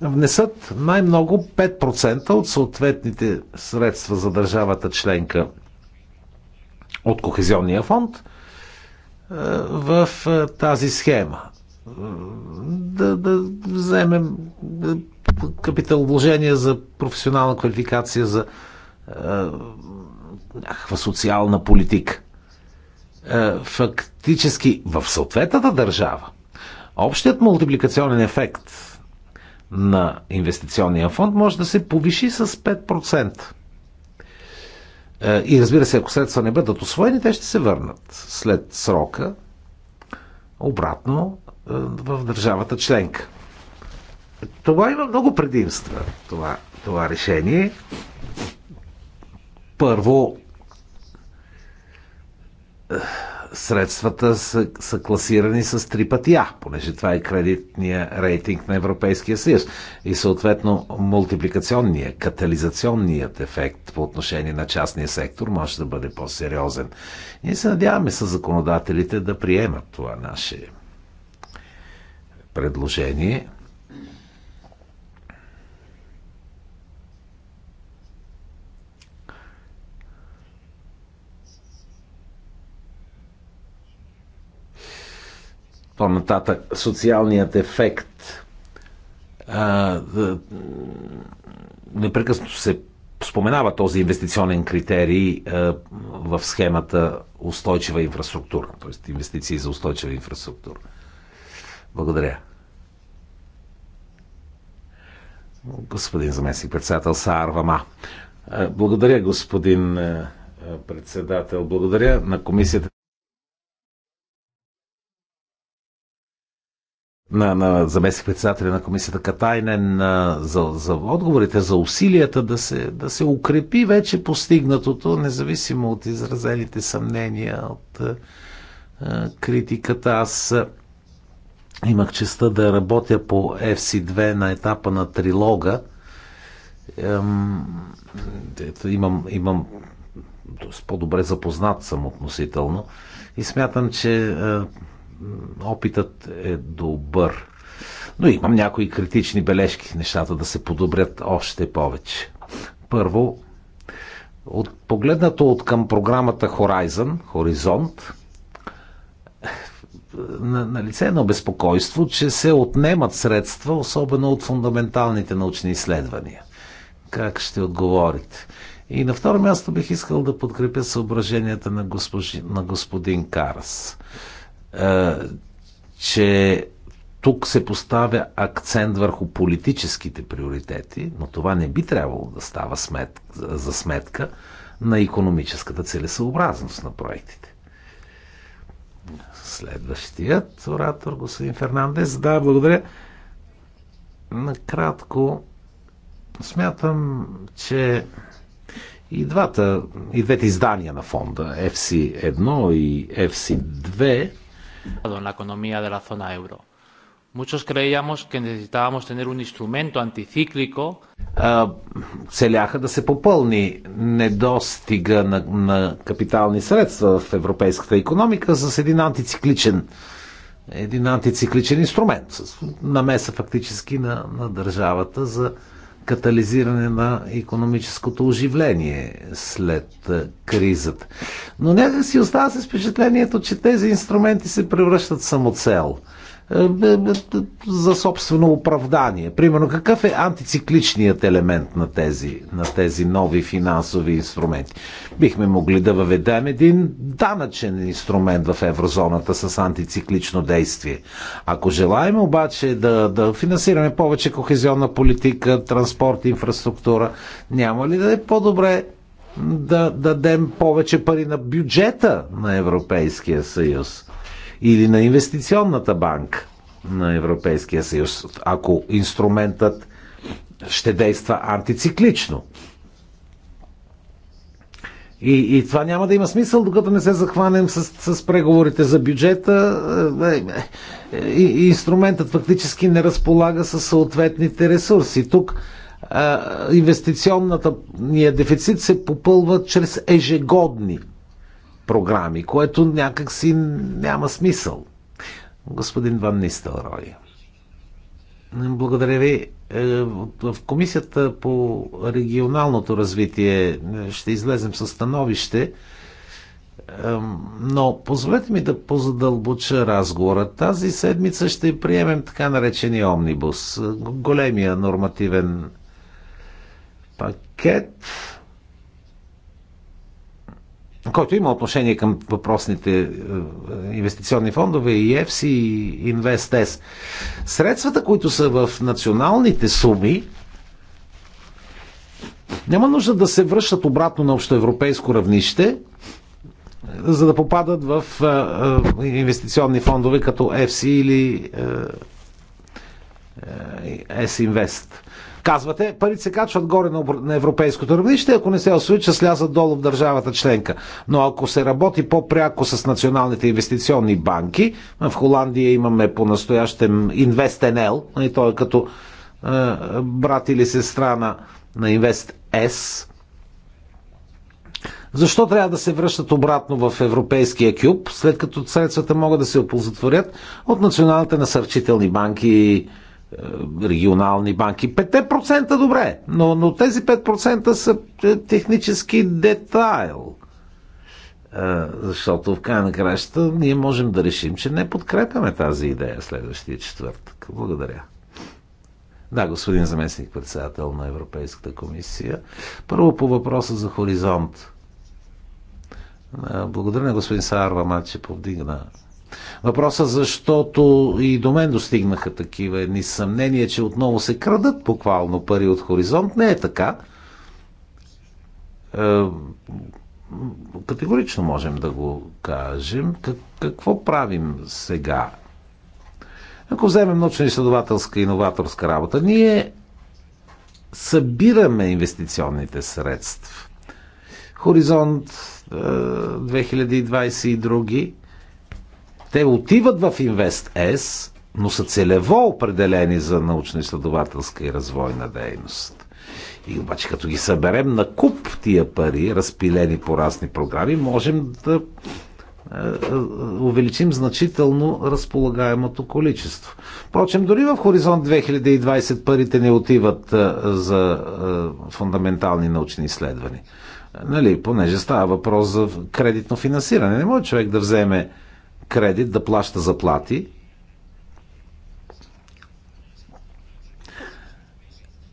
внесат най-много 5% от съответните средства за държавата членка от Кохезионния фонд е, в е, тази схема. Да, да вземем е, капитал вложение за професионална квалификация, за някаква социална политика. Фактически в съответната държава Общият мултипликационен ефект на инвестиционния фонд може да се повиши с 5%. Е, и разбира се, ако средства не бъдат освоени, те ще се върнат след срока обратно е, в държавата членка. Това има много предимства, това, това решение. Първо, е, средствата са, са класирани с три пъти А, понеже това е кредитния рейтинг на Европейския съюз. И съответно мултипликационният, катализационният ефект по отношение на частния сектор може да бъде по-сериозен. Ние се надяваме с законодателите да приемат това наше предложение – По-нататък социалният ефект а, непрекъснато се споменава този инвестиционен критерий а, в схемата устойчива инфраструктура, т.е. инвестиции за устойчива инфраструктура. Благодаря. Господин заместник председател Саарвама. Благодаря, господин председател. Благодаря на комисията. на, на заместник-председателя на комисията Катайнен за, за отговорите, за усилията да се, да се укрепи вече постигнатото, независимо от изразените съмнения, от а, критиката. Аз имах честа да работя по FC2 на етапа на трилога. Ем, ето, имам, имам по-добре запознат съм относително и смятам, че А, опитът е добър. Но имам някои критични бележки, нещата да се подобрят още повече. Първо, от, погледнато от към програмата Horizon, Хоризонт, на, на лице е едно безпокойство, че се отнемат средства, особено от фундаменталните научни изследвания. Как ще отговорите? И на второ място бих искал да подкрепя съображенията на, госпожи, на господин Карас. Е, че тук се поставя акцент върху политическите приоритети, но това не би трябвало да става смет, за сметка на економическата целесообразност на проектите. Следващият оратор, господин Фернандес. Да, благодаря. Накратко, смятам, че и, двата, и двете издания на фонда, FC1 и FC2, en la economía de la zona euro. Muchos creíamos que necesitábamos tener un instrumento anticíclico. Целяха да се попълни недостига на, на капитални средства в европейската економика с един антицикличен, един антицикличен инструмент, с намеса фактически на, на държавата за катализиране на економическото оживление след кризата. Но някак си остава с впечатлението, че тези инструменти се превръщат самоцел – е, е, е, за собствено оправдание. Примерно, какъв е антицикличният елемент на тези, на тези нови финансови инструменти? Бихме могли да въведем един данъчен инструмент в еврозоната с антициклично действие. Ако желаем обаче да, да финансираме повече кохезионна политика, транспорт, инфраструктура, няма ли да е по-добре да дадем повече пари на бюджета на Европейския съюз? или на инвестиционната банка на Европейския съюз, ако инструментът ще действа антициклично. И, и това няма да има смисъл, докато не се захванем с, с преговорите за бюджета. И, е, е, е, и инструментът фактически не разполага с съответните ресурси. Тук инвестиционната ния дефицит се попълва чрез ежегодни програми, което някакси няма смисъл. Господин Ван Нистелрой. Благодаря ви. Е, в Комисията по регионалното развитие е, ще излезем със становище, е, но позволете ми да позадълбоча разговора. Тази седмица ще приемем така наречения омнибус, големия нормативен пакет който има отношение към въпросните е, инвестиционни фондове и EFSI и InvestS. Средствата, които са в националните суми, няма нужда да се връщат обратно на общоевропейско равнище, е, за да попадат в е, инвестиционни фондове като EFSI или S-Invest. Казвате, парите се качват горе на европейското равнище, ако не се освои, че слязат долу в държавата членка. Но ако се работи по-пряко с националните инвестиционни банки, в Холандия имаме по-настоящем InvestNL, и нали, той е като е, брат или сестра на, на InvestS, защо трябва да се връщат обратно в европейския кюб, след като средствата могат да се оползотворят от националните насърчителни банки е, регионални банки. 5% добре, но, но тези 5% са е, технически детайл. Е, защото в края на краща ние можем да решим, че не подкрепяме тази идея следващия четвъртък. Благодаря. Да, господин заместник председател на Европейската комисия. Първо по въпроса за хоризонт. Благодаря на господин Саарва, Матче повдигна Въпросът защото и до мен достигнаха такива едни съмнения, че отново се крадат буквално пари от хоризонт. Не е така. Е, категорично можем да го кажем. Какво правим сега? Ако вземем научно-изследователска и иноваторска работа, ние събираме инвестиционните средства. Хоризонт 2022 е, те отиват в InvestS, но са целево определени за научно-изследователска и развойна дейност. И обаче като ги съберем на куп тия пари, разпилени по разни програми, можем да е, е, увеличим значително разполагаемото количество. Впрочем, дори в Хоризонт 2020 парите не отиват е, за фундаментални научни изследвания. Нали, понеже става въпрос за кредитно финансиране. Не може човек да вземе кредит да плаща заплати.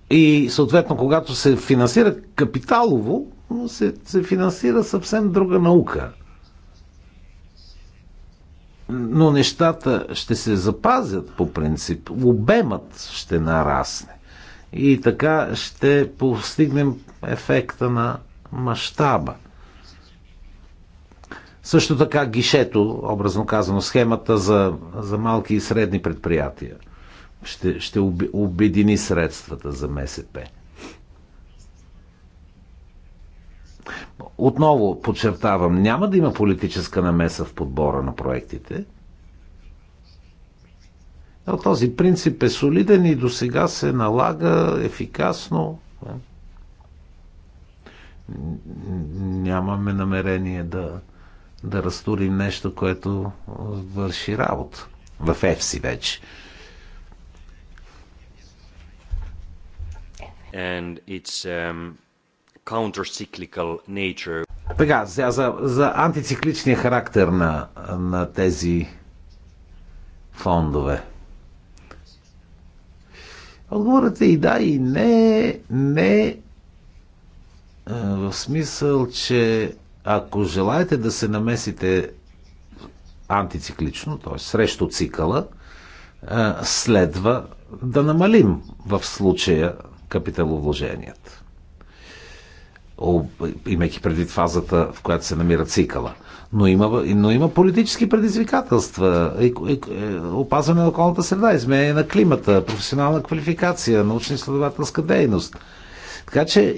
И съответно, когато се финансира капиталово, се, се финансира съвсем друга наука. Но нещата ще се запазят по принцип. Обемът ще нарасне. И така ще постигнем ефекта на мащаба. Също така гишето, образно казано, схемата за, за малки и средни предприятия ще, ще обедини средствата за МСП. Отново подчертавам, няма да има политическа намеса в подбора на проектите. Но този принцип е солиден и до сега се налага ефикасно. Нямаме намерение да, да разтурим нещо, което върши работа. В ЕФСИ вече. And it's, um, nature. Така, за, за, за антицикличния характер на, на тези фондове. Отговорът е и да, и не, не в смисъл, че ако желаете да се намесите антициклично, т.е. срещу цикъла, е, следва да намалим в случая капиталовложенията. Имайки предвид фазата, в която се намира цикъла. Но има, но има политически предизвикателства. Е, опазване на околната среда, изменение на климата, професионална квалификация, научно-изследователска дейност – така че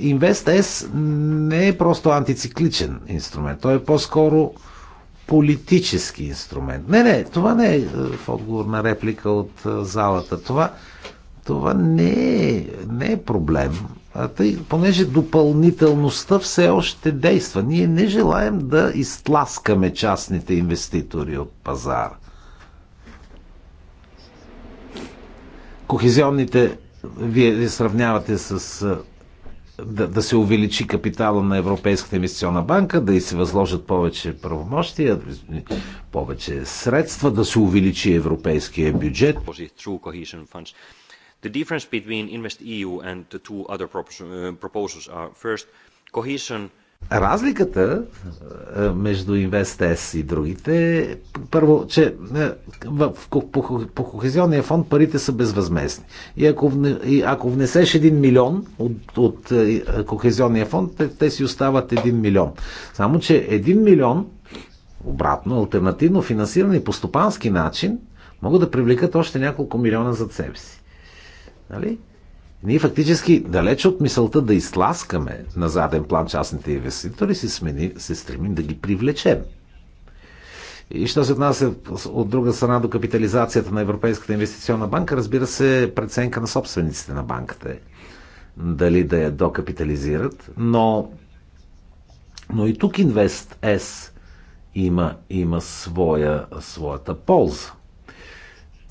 S не е просто антицикличен инструмент, той е по-скоро политически инструмент. Не, не, това не е, е в отговор на реплика от е, залата. Това, това не, е, не е проблем. А тъй, понеже допълнителността все още действа, ние не желаем да изтласкаме частните инвеститори от пазара. Кохезионните вие сравнявате с е, да, да се увеличи капитала на Европейската инвестиционна банка, да и се възложат повече правомощия, повече средства, да се увеличи европейския бюджет. The difference between Invest EU and the two other э, proposals are first, cohesion Разликата между InvestS и другите е първо, че в, по, по Кохезионния фонд парите са безвъзмезни. И ако, и ако внесеш 1 милион от, от Кохезионния фонд, те, те си остават 1 милион. Само, че 1 милион, обратно, альтернативно финансирани по стопански начин, могат да привлекат още няколко милиона зад себе си. Нали? ние фактически далеч от мисълта да изтласкаме на заден план частните инвеститори, се, смени, се стремим да ги привлечем. И що се отнася от друга страна до капитализацията на Европейската инвестиционна банка, разбира се, преценка на собствениците на банката е дали да я докапитализират, но, но и тук Инвест С има, има своя, своята полза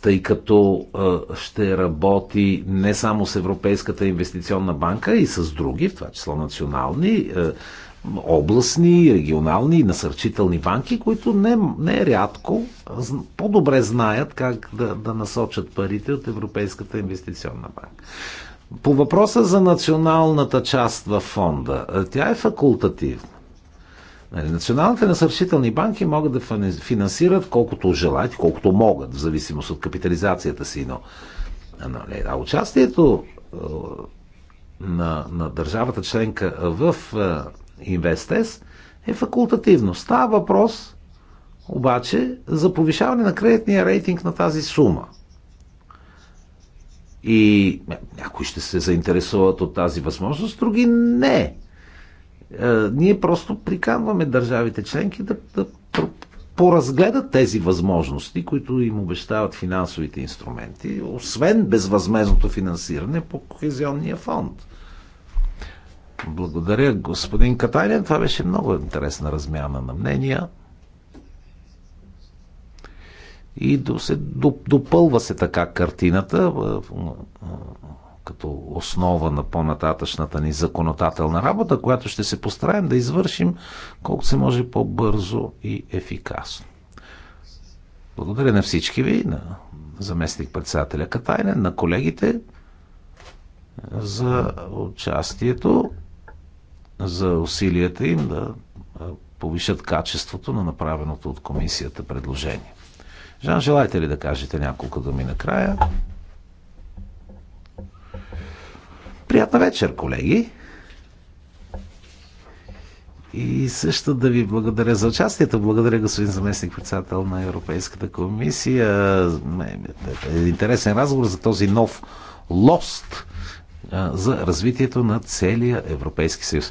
тъй като ще работи не само с Европейската инвестиционна банка и с други, в това число национални, областни, регионални и насърчителни банки, които не, не рядко по-добре знаят как да, да насочат парите от Европейската инвестиционна банка. По въпроса за националната част във фонда, тя е факултативна. Нали, националните насърчителни банки могат да финансират колкото желаят, колкото могат, в зависимост от капитализацията си, но нали, а участието е, на, на държавата членка в е, Инвестес е факултативно. Става въпрос обаче за повишаване на кредитния рейтинг на тази сума. И някои ще се заинтересуват от тази възможност, други не. Е, ние просто приканваме държавите членки да, да поразгледат тези възможности, които им обещават финансовите инструменти, освен безвъзмезното финансиране по Кохезионния фонд. Благодаря, господин Катайнен. Това беше много интересна размяна на мнения. И до се, допълва се така картината като основа на по-нататъчната ни законодателна работа, която ще се постараем да извършим колко се може по-бързо и ефикасно. Благодаря на всички ви, на заместник председателя Катайнен, на колегите за участието, за усилията им да повишат качеството на направеното от комисията предложение. Жан, желаете ли да кажете няколко думи накрая? Приятна вечер, колеги! И също да ви благодаря за участието. Благодаря, господин заместник председател на Европейската комисия. Интересен разговор за този нов лост за развитието на целия Европейски съюз.